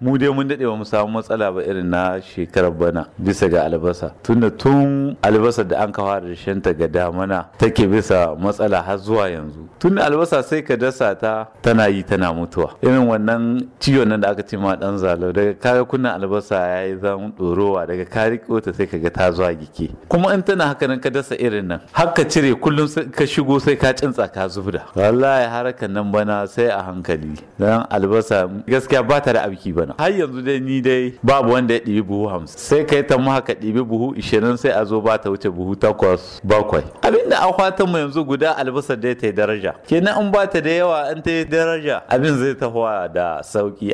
mu dai mun daɗe mu samu matsala ba irin na shekarar bana bisa ga albasa tunda tun albasa da an kawo da ta ga damana take bisa matsala har zuwa yanzu tunda albasa sai ka dasa ta tana yi tana mutuwa irin wannan ciwo nan da aka ce ma dan zalo daga kare kunnan albasa ya yi zan ɗorowa daga kare ta sai ka ta zuwa gike kuma in tana haka nan ka dasa irin nan har ka cire kullum ka shigo sai ka cintsa ka zubda wallahi harakan nan bana sai a hankali dan albasa gaskiya ba ta da abki ba kenan har yanzu dai ni dai babu wanda ya ɗibi buhu hamsin sai kai ta mu haka ɗibi buhu ishirin sai a zo ba ta wuce buhu takwas bakwai Abin da fatan mu yanzu guda albasa dai ta yi daraja kenan in ba ta da yawa in ta yi daraja abin zai tahowa da sauki